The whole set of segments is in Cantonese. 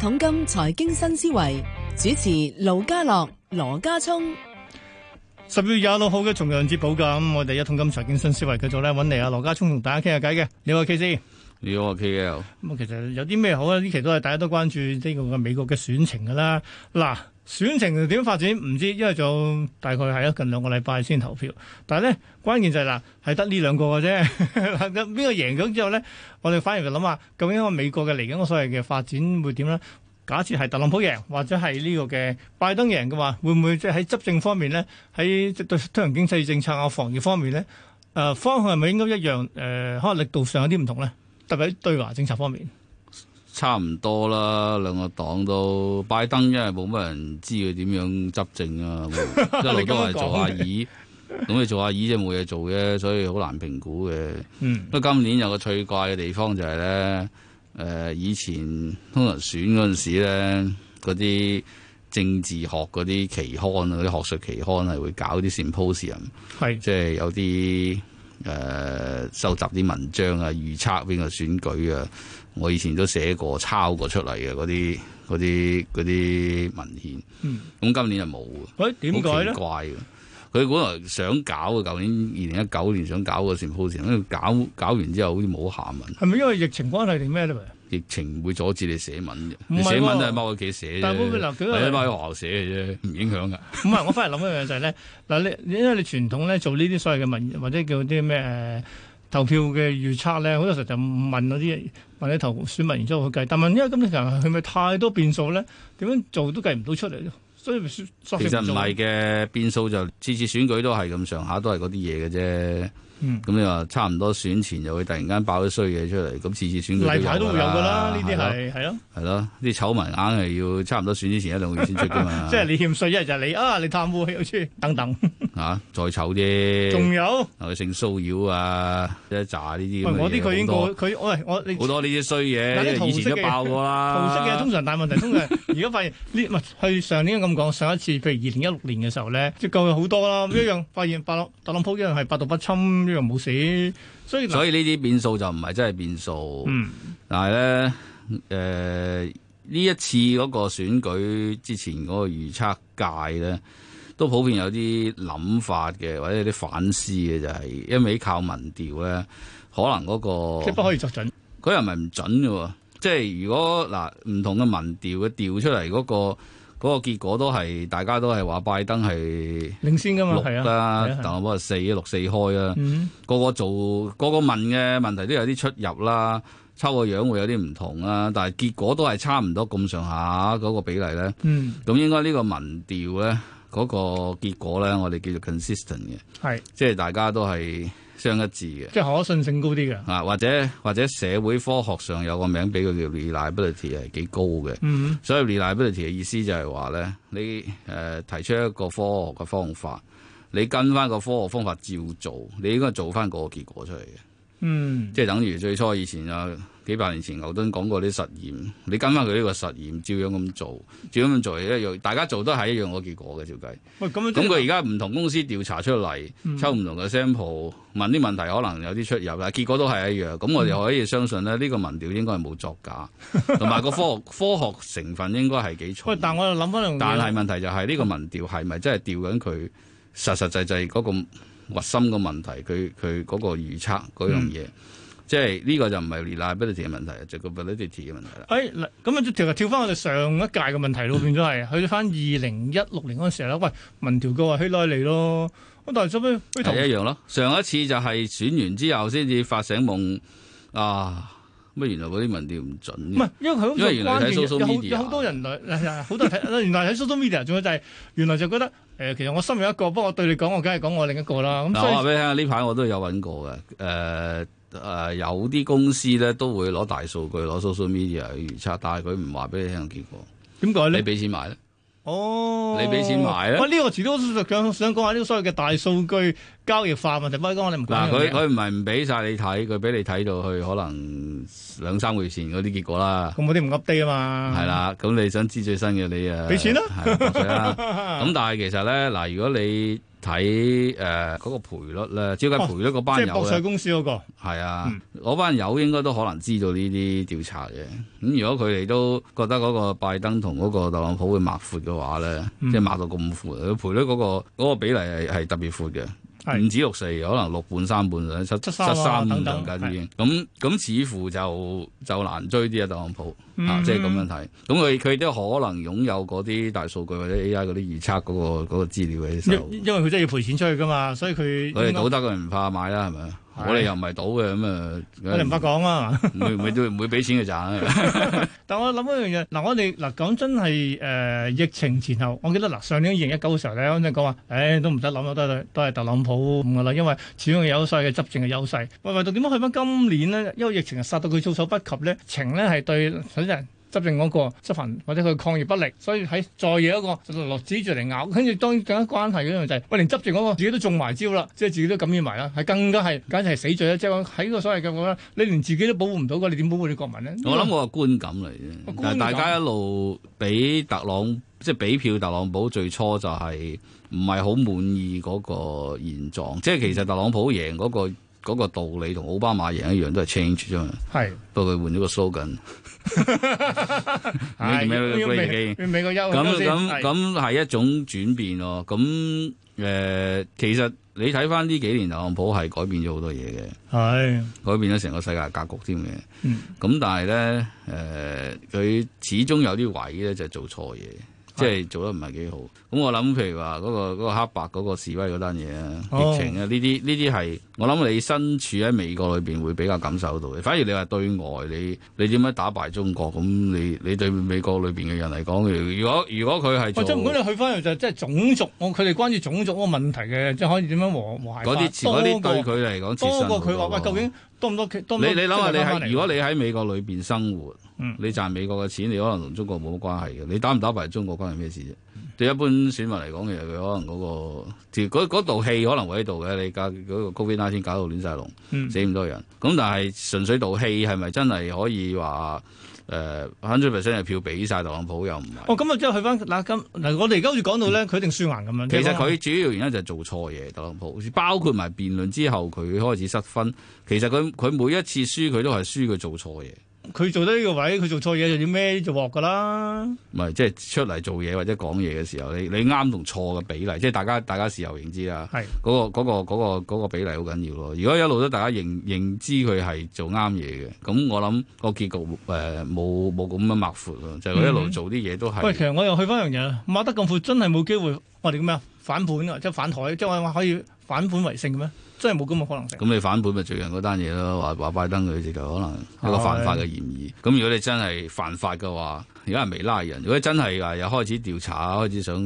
統金財經新思維主持盧家樂羅家聰，十月廿六號嘅重陽節補假，我哋一統金財經新思維繼續咧揾嚟阿羅家聰同大家傾下偈嘅，你話 KC，你話 KL，咁其實有啲咩好啊？呢期都係大家都關注呢個嘅美國嘅選情噶啦，嗱。選情點發展唔知，因為仲大概係咯，近兩個禮拜先投票。但係咧，關鍵就係、是、嗱，係得呢兩個嘅啫。咁邊個贏咗之後咧，我哋反而就諗下，究竟我美國嘅嚟緊個所謂嘅發展會點咧？假設係特朗普贏，或者係呢個嘅拜登贏嘅話，會唔會即係喺執政方面咧，喺對推行經濟政策啊、防疫方面咧，誒、呃、方向係咪應該一樣？誒、呃，可能力度上有啲唔同咧，特別喺對華政策方面。差唔多啦，兩個黨都拜登，因為冇乜人知佢點樣執政啊， 一路都係做阿二。咁你 做阿二即冇嘢做嘅，所以好難評估嘅。不過、嗯、今年有個趣怪嘅地方就係、是、咧，誒、呃、以前通常選嗰陣時咧，嗰啲政治學嗰啲期刊啊，嗰啲學術期刊係會搞啲 symposium，即係有啲。誒、呃、收集啲文章啊，預測邊個選舉啊？我以前都寫過、抄過出嚟嘅嗰啲、啲、啲文獻。咁、嗯、今年就冇喎。喂、哎，點解咧？怪㗎呢，佢本來想搞嘅，舊年二零一九年想搞個時報時，因搞搞完之後好似冇下文。係咪因為疫情關係定咩咧？疫情會阻止你寫文啫，你寫文都係踎喺屋企寫啫，喺踎喺學校寫嘅啫，唔影響噶。唔係，我翻嚟諗一樣就係咧，嗱你，因為你傳統咧做呢啲所謂嘅文，或者叫啲咩誒投票嘅預測咧，好多時候就問嗰啲問啲投選民然之後去計，但問因為咁你其實係咪太多變數咧？點樣做都計唔到出嚟，所以其實唔係嘅變數就次次選舉都係咁上下，都係嗰啲嘢嘅啫。咁你話差唔多選前就會突然間爆咗衰嘢出嚟，咁次次選都例牌都有噶啦，呢啲係係啊，係咯啦，啲醜聞硬係要差唔多選之前一兩個月先出噶嘛。 即係你欠稅，一日就係你啊，你貪污，又出等等。 啊！再醜啫，仲有性騷擾啊，一紮呢啲。喂，啲佢已經過，佢喂我，我你好多呢啲衰嘢，以前都爆過啦。嗱，啲桃色嘅、啊，通常大問題，通常如果發現呢？唔係佢上年咁講，上一次譬如二零一六年嘅時候咧，就夠好多啦。咁一樣發現，特朗普一樣係百毒不侵，一樣冇死，所以所以呢啲變數就唔係真係變數。嗯，但係咧，誒、呃，呢一次嗰個選舉之前嗰個預測界咧。都普遍有啲諗法嘅，或者有啲反思嘅、就係，就係因為靠民調咧，可能嗰、嗰個佢不可以作準，嗰又唔係唔準嘅喎。即係如果嗱唔同嘅民調嘅調出嚟嗰、嗰個嗰、嗰個、結果都係大家都係話拜登係領先㗎嘛，係啊，啊特朗普係四啊六四開啊，嗯、個個做個個問嘅問題都有啲出入啦，抽個樣會有啲唔同啦、啊。但係結果都係差唔多咁上下嗰個比例咧。嗯，咁應該呢個民調咧。嗰個結果咧，我哋叫做 consistent 嘅，係是即係大家都係相一致嘅，即係可信性高啲嘅。啊，或者或者社會科學上有個名俾佢叫 reliability 係幾高嘅。嗯，所以 reliability 嘅意思就係話咧，你誒、呃、提出一個科學嘅方法，你跟翻個科學方法照做，你應該做翻個結果出嚟嘅。嗯，即係等於最初以前啊，幾百年前牛頓講過啲實驗，你跟翻佢呢個實驗，照樣咁做，照樣咁做，一樣，大家做都係一樣個結果嘅，照計。咁佢而家唔同公司調查出嚟，抽唔同嘅 sample，問啲問題，可能有啲出入啦，但結果都係一樣。咁我哋可以相信咧，呢個民調應該係冇作假，同埋個科學 科學成分應該係幾重。喂，但係我又諗翻，但係問題就係呢個民調係咪真係調緊佢實實際際嗰個？核心嘅問題，佢佢嗰個預測嗰樣嘢，嗯、即係呢、這個就唔係 liability 嘅問題，就個 validity 嘅問題啦。誒咁啊，就係跳翻我哋上一屆嘅問題咯，嗯、變咗係去翻二零一六年嗰陣時啦。喂，民調個話，希拉里咯，咁但係做咩，同一樣咯，上一次就係選完之後先至發醒夢啊。咩？原來嗰啲民調唔準唔係，因為佢因為原來睇 social media 有好多人來，好多人原來睇 social media 仲有就係、是、原來就覺得誒、呃，其實我心入一個，不過我對你講，我梗係講我另一個啦。嗱、嗯，所以我話俾你聽，呢排我都有揾過嘅。誒、呃、誒、呃，有啲公司咧都會攞大數據攞 social media 去預測，但係佢唔話俾你聽個結果。點解咧？你俾錢買咧？哦，你俾錢買咧？唔呢、哦、個，遲啲我想講下呢個所謂嘅大數據交易化問題。不過我哋唔講佢，唔係唔俾晒你睇，佢俾你睇到去可能。兩三個月前嗰啲結果啦，咁嗰啲唔 update 啊嘛。係啦，咁你想知最新嘅你啊，俾錢啦，博彩啦。咁但係其實咧，嗱，如果你睇誒嗰個賠率咧、哦，即係賠率嗰班友咧，博彩公司嗰、嗰個係啊，嗰的、嗯、班友應該都可能知道呢啲調查嘅。咁、嗯、如果佢哋都覺得嗰個拜登同嗰個特朗普會抹闊嘅話咧，即係、嗯、抹到咁闊，賠率嗰、嗰個嗰個比例係係特別闊嘅。五指六四，4，可能六半三半，七七三咁樣已經，咁咁等似乎就就難追啲啊，特朗普，嚇即係咁樣睇，咁佢佢都可能擁有嗰啲大數據或者 AI 嗰啲預測嗰、嗰個嗰、嗰個、資料嘅手。因為佢真係要賠錢出去㗎嘛，所以佢佢哋倒得佢唔怕買啦，係咪啊？我哋又唔係賭嘅，咁啊，我哋唔得講啊，唔會唔會都唔會俾錢佢賺。 但我諗一樣嘢，嗱我哋嗱講真係，誒疫情前後，我記得嗱上年二零一九嘅時候咧，我真係講話，誒都唔使諗啦，都係都係特朗普噶啦，因為始終有咗嘅執政嘅優勢。喂喂，到點解去翻今年呢？因為疫情係殺到佢措手不及呢，情呢係對等人。執政嗰、那個執犯或者佢抗疫不力，所以喺在野嗰個就落指住嚟咬，跟住當更加關係嗰樣就係、是，我連執政嗰、那個自己都中埋招啦，即係自己都感染埋啦，係更加係簡直係死罪啦！即係喺個所謂嘅，我覺得你連自己都保護唔到，你點保護啲國民呢？我諗我係觀感嚟嘅。但係大家一路俾特朗普即係俾票特朗普，最初就係唔係好滿意嗰個現狀，即係其實特朗普贏嗰、那個。嗰個道理同奧巴馬贏一樣，都係 change 啫嘛。係是，不過佢換咗個 slogan 酒。美國咁咁咁係一種轉變咯。咁誒，其實你睇翻呢幾年，特朗普係改變咗好多嘢嘅。係改變咗成個世界格局添嘅。咁但係咧，誒，佢始終有啲位咧，就係做錯嘢。即係做得唔係幾好，咁我諗譬如話嗰個黑白嗰個示威嗰單嘢啊，疫情啊，呢啲呢啲係我諗你身處喺美國裏邊會比較感受到嘅。反而你話對外你你點樣打敗中國咁，你你對美國裏邊嘅人嚟講，如果如果佢係做，我唔滿你去翻嚟就係、即係種族，我佢哋關於種族嗰個問題嘅，即係可以點樣和和嗰啲啲對佢嚟講多，多過佢話喂究竟多唔多？多多你你諗啊？你，諗下你如果你喺美國裏邊生活，嗯、你賺美國嘅錢，你可能同中國冇乜關係嘅。你打唔打敗中國關係？係咩事啫？對一般選民嚟講，其實佢可能嗰、那個條嗰嗰道氣可能會喺度嘅。你搞嗰、那個高邊拉線搞到亂晒龍，嗯、死咁多人。咁但係純粹道氣係咪真係可以話 hundred percent 嘅票俾晒特朗普又唔係？哦，咁、嗯、啊，即係去翻嗱，咁嗱我哋而家好似講到咧，佢一定輸硬咁樣。其實佢主要原因就係做錯嘢，特朗普包括埋辯論之後佢開始失分。其實佢佢每一次輸，佢都係輸佢做錯嘢。佢做得呢個位，佢做錯嘢就要孭住鑊噶啦。唔係，即係出嚟做嘢或者講嘢嘅時候，你你啱同錯嘅比例，即係大家大家，大家事後認知啊，嗰是、嗰個、嗰個、嗰個比例好緊要咯。如果一路都大家認認知佢係做啱嘢嘅，咁我諗個結局誒冇冇咁樣抹闊咯，就係、佢、一路做啲嘢都係、嗯。喂，其實我又去翻樣嘢，抹得咁闊，真係冇機會我哋咁樣反盤啊，即係反台，即係可以反盤為勝嘅咩？真係冇咁嘅可能性。咁你反本咪最近嗰單嘢咯，話話拜登佢直頭可能一個犯法嘅嫌疑。咁的如果你真係犯法嘅話，而家未拉人。如果真係啊，又開始調查，開始想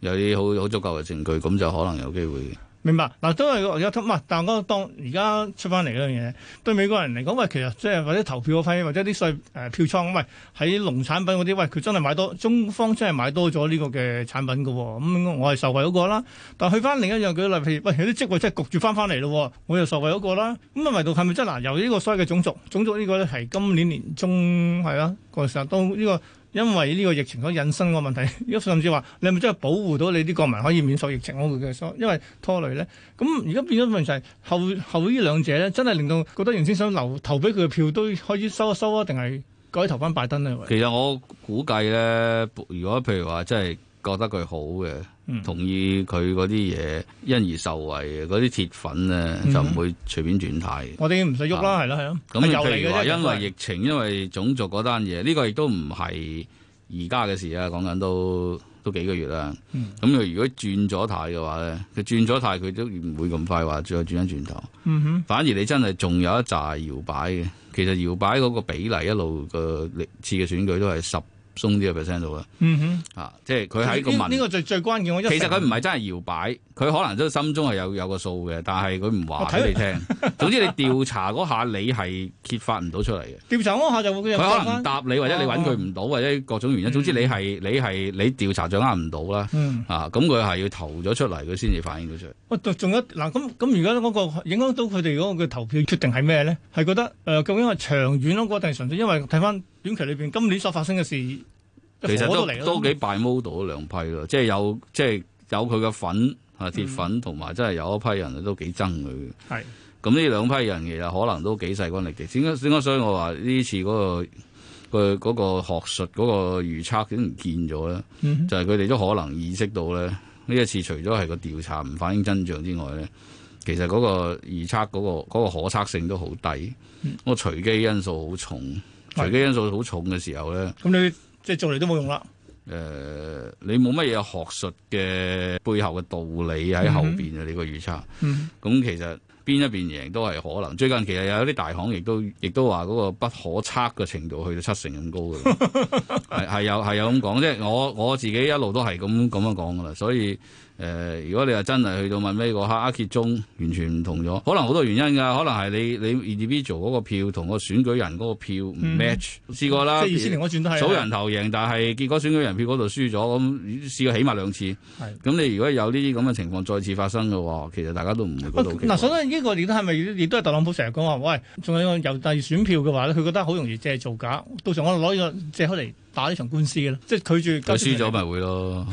有啲好好足夠嘅證據，咁就可能有機會明白嗱，都係有得嘛，但係嗰當而家出翻嚟嗰樣嘢，對美國人嚟講，喂，其實即係或者投票嘅費或者啲稅誒票倉，喂，喺農產品嗰啲，喂，佢真係買多，中方真係買多咗呢個嘅產品嘅喎、哦，咁、嗯、我係受惠嗰個啦。但係去翻另一樣佢例，譬如喂，啲職位真係焗住翻翻嚟咯，我又受惠嗰個啦。咁、嗯、啊，唯獨係咪真嗱、呃？由呢個所謂嘅種族，種族呢個咧係今年年中係啦，個時候、啊、都呢、這個。因為呢個疫情所引申個問題，如果甚至話你係咪真係保護到你啲國民可以免受疫情嗰個嘅疏，因為拖累咧。咁而家變咗問題就係後後呢依兩者咧，真係令到覺得原先想留投俾佢嘅票都可以收一收啊，定係改投翻拜登啊？其實我估計咧，如果譬如話真係。覺得佢好嘅，嗯、同意佢嗰啲嘢，因而受惠嗰啲鐵粉呢，嗯、哼就唔會隨便轉態。我哋唔使喐啦，係咯、啊，係咯。咁譬如話，因為疫情，因為種族嗰單嘢，呢、這個亦都唔係而家嘅事啊。講緊都都幾個月啦。咁佢、嗯、如果轉咗態嘅話呢，佢轉咗態，佢都唔會咁快話再轉翻轉頭。轉轉嗯、哼反而你真係仲有一紮搖擺嘅。其實搖擺嗰個比例一路嘅歷次嘅選舉都係十。鬆啲嘅 percent 度啦，嗯哼，啊，即係佢喺個問呢、這個最最關鍵，其實佢唔係真係搖擺，佢可能都心中係有有個數嘅，但係佢唔話俾你聽。總之你調查嗰下你係揭發唔到出嚟嘅。調 查嗰下就佢可能答你，或者你揾佢唔到，或者各種原因。嗯、總之你係你係你調查掌握唔到啦。啊，咁佢係要投咗出嚟，佢先至反映出、啊那個、應到出嚟。喂，仲有嗱，咁咁而家嗰個影響到佢哋嗰個嘅投票決定係咩咧？係覺得誒、呃，究竟係長遠咯，定係純粹因為睇翻？看看短期裏邊，今年所發生嘅事，其實都都幾 by model 兩批嘅，即、就、係、是、有即係、就是、有佢嘅粉嚇、嗯、鐵粉，同埋真係有一批人都幾憎佢嘅。係咁呢兩批人其實可能都幾細心力嘅。點解點解？所以我話呢次嗰、那個佢嗰、那個學術嗰個預測已經唔見咗咧？就係佢哋都可能意識到咧，呢一次除咗係個調查唔反映真相之外咧，其實嗰個預測嗰、那、嗰、個那個可測性都好低，嗯、個隨機因素好重。隨機因素好重嘅時候咧，咁你即係、就是、做嚟都冇用啦。誒、呃，你冇乜嘢學術嘅背後嘅道理喺後邊啊？嗯、哼你個預測，咁、嗯、哼其實邊一邊贏都係可能。最近其實有啲大行亦都亦都話嗰個不可測嘅程度去到七成咁高嘅，係係 有係有咁講啫。就是、我我自己一路都係咁咁樣講噶啦，所以。誒、呃，如果你話真係去到最尾個，哈阿揭盅完全唔同咗，可能好多原因㗎，可能係你你 E D V 做嗰個票同個選舉人嗰個票唔 match，嗯、試過啦，即我都數人頭贏，但係結果選舉人票嗰度輸咗，咁試過起碼兩次。咁的你如果有呢啲咁嘅情況再次發生嘅話，其實大家都唔會覺得。嗱、啊啊，所以呢個亦都係咪亦都係特朗普成日講話，喂，仲有個郵遞選票嘅話佢覺得好容易借係造假。到時候我攞呢個借口嚟。打呢場官司嘅咯，即係拒絕。佢輸咗咪會咯。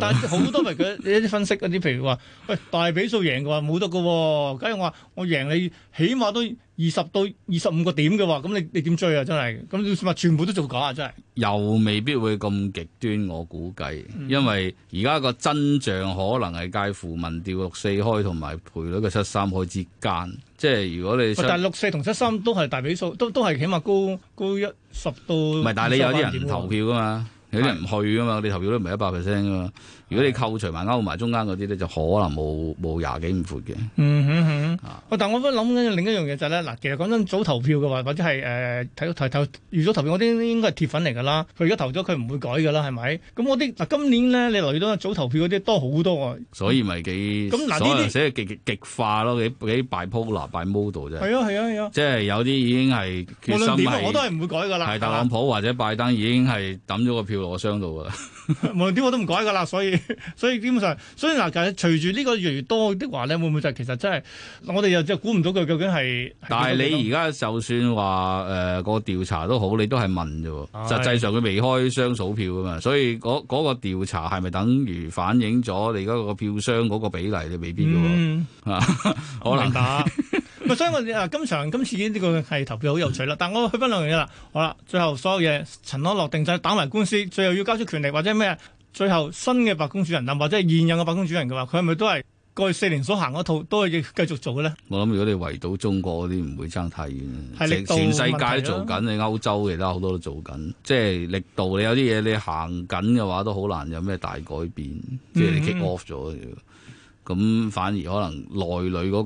但好多咪佢一啲分析嗰啲，譬如話，喂，大比數贏嘅話冇得嘅喎。假如我我贏你，起碼都二十到二十五個點嘅喎。咁你你點追啊？真係咁，算全部都做假啊！真係又未必會咁極端，我估計，因為而家個真相可能係介乎民調六四開同埋賠率嘅七三開之間。即係如果你但六四同七三都係大比數，都都係起碼高高一。十到十，唔係，但係你有啲人唔投票噶嘛，的有啲人唔去噶嘛，你投票都唔係一百 percent 噶嘛。啊如果你扣除埋、勾埋中間嗰啲咧，就可能冇冇廿幾五闊嘅。嗯哼哼是但係我都諗緊另一樣嘢就係咧，嗱，其實講真，早投票嘅話，或者係誒睇睇睇預早投票嗰啲應該係鐵粉嚟㗎啦。佢而家投咗，佢唔會改㗎啦，係咪？咁我啲今年咧你留意到早投票嗰啲多好多啊。所以咪幾咁嗱？呢啲寫極極，極，極化咯，幾幾擺鋪嗱擺 model 啫。係啊係啊係啊！即係、啊啊啊、有啲已經係決心係、無論點我都係唔會改㗎啦。係、啊、特朗普或者拜登已經係抌咗個票落箱度㗎啦。 無論點我都唔改㗎啦，所以。所以基本上，所以嗱，隨住呢個越嚟越多的話咧，會唔會就係、其實真、就、係、是、我哋又就估唔到佢究竟係？但係你而家就算話誒個調查都好，你都係問啫，是實際上佢未開箱數票啊嘛，所以嗰、那、嗰個調、那個、查係咪等於反映咗你而家個票箱嗰個比例你未必嘅吓，嗯啊、 可能吧。 所以我哋啊，今場 今次已經呢個係投票好有趣啦。但我去分兩樣嘢啦。好啦，最後所有嘢塵埃落定晒，打埋官司，最後要交出權力或者咩？最後新嘅白宮主人，或或者係現任嘅白宮主人嘅話，佢係咪都係過去四年所行嗰套都係繼續做嘅咧？我諗如果你圍堵中國嗰啲，唔會差太遠。力全世界都做緊，你歐洲其他好多都做緊，即係力度。你有啲嘢你行緊嘅話，都好難有咩大改變。即係你 kick off 咗，咁、嗯、反而可能內裏嗰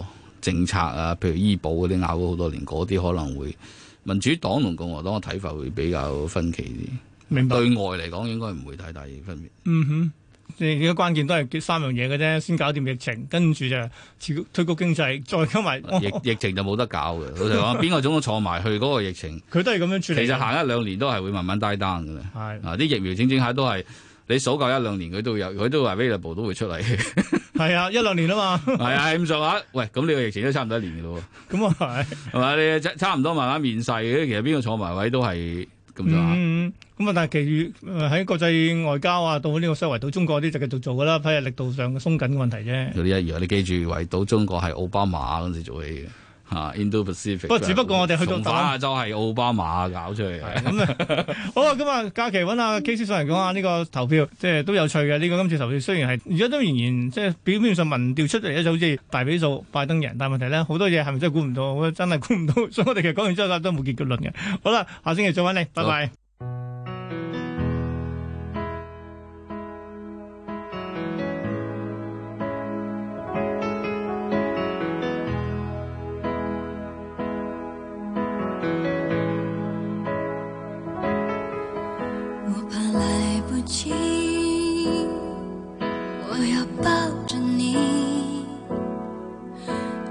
個政策啊，譬如醫保嗰啲拗咗好多年，嗰啲可能會民主黨同共和黨嘅睇法會比較分歧啲。明白，對外嚟講應該唔會太大嘅分別。嗯哼，你而家關鍵都係三樣嘢嘅啫，先搞掂疫情，跟住就持推高經濟，再加埋、哦、疫疫情就冇得搞嘅。老實講邊個總共錯埋去總統坐埋去，嗰個疫情，佢都係咁樣處理。其實行一兩年都係會慢慢 die down 嘅。的啊，啲疫苗整整下都係，你數夠一兩年佢都有，佢都話 available 都會出嚟。係 啊，一兩年啊嘛。係啊， 咁就話，喂，咁你個疫情都差唔多一年嘅咯。咁啊係，係咪你差唔多慢慢面世？嘅。其實邊個坐埋位都係。嗯嗯，咁啊，但係其餘喺國際外交啊，到呢個所謂圍堵中國啲就繼續做噶啦，睇下力度上嘅鬆緊嘅問題啫。嗰啲一樣，你記住圍堵中國係奧巴馬嗰陣時做起嘅。啊 Indo-Pacific 不過，uh, ific, 只不過我哋去到反亞洲係奧巴馬搞出嚟。咁啊的， 好啊，今日假期揾阿 KC 上嚟講下呢、呢個投票，即係都有趣嘅。呢、呢個今次投票雖然係而家都仍然即係表面上民調出嚟咧，好似大比數拜登贏。但係問題咧，好多嘢係咪真係估唔到？我真係估唔到。所以我哋其實講完之後都冇結局論嘅。好啦，下星期再揾你，拜拜。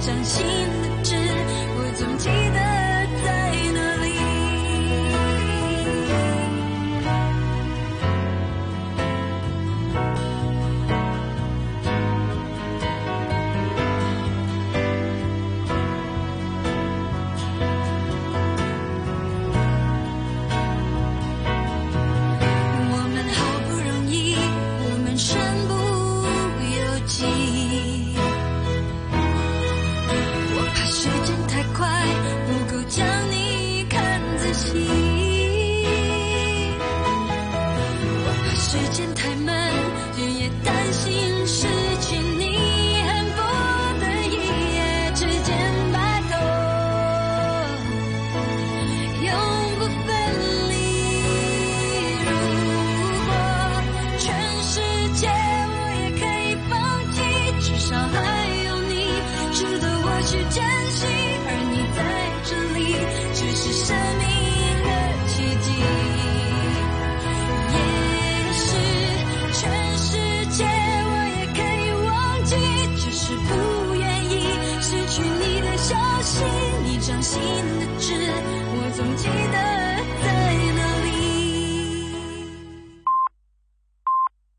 掌心。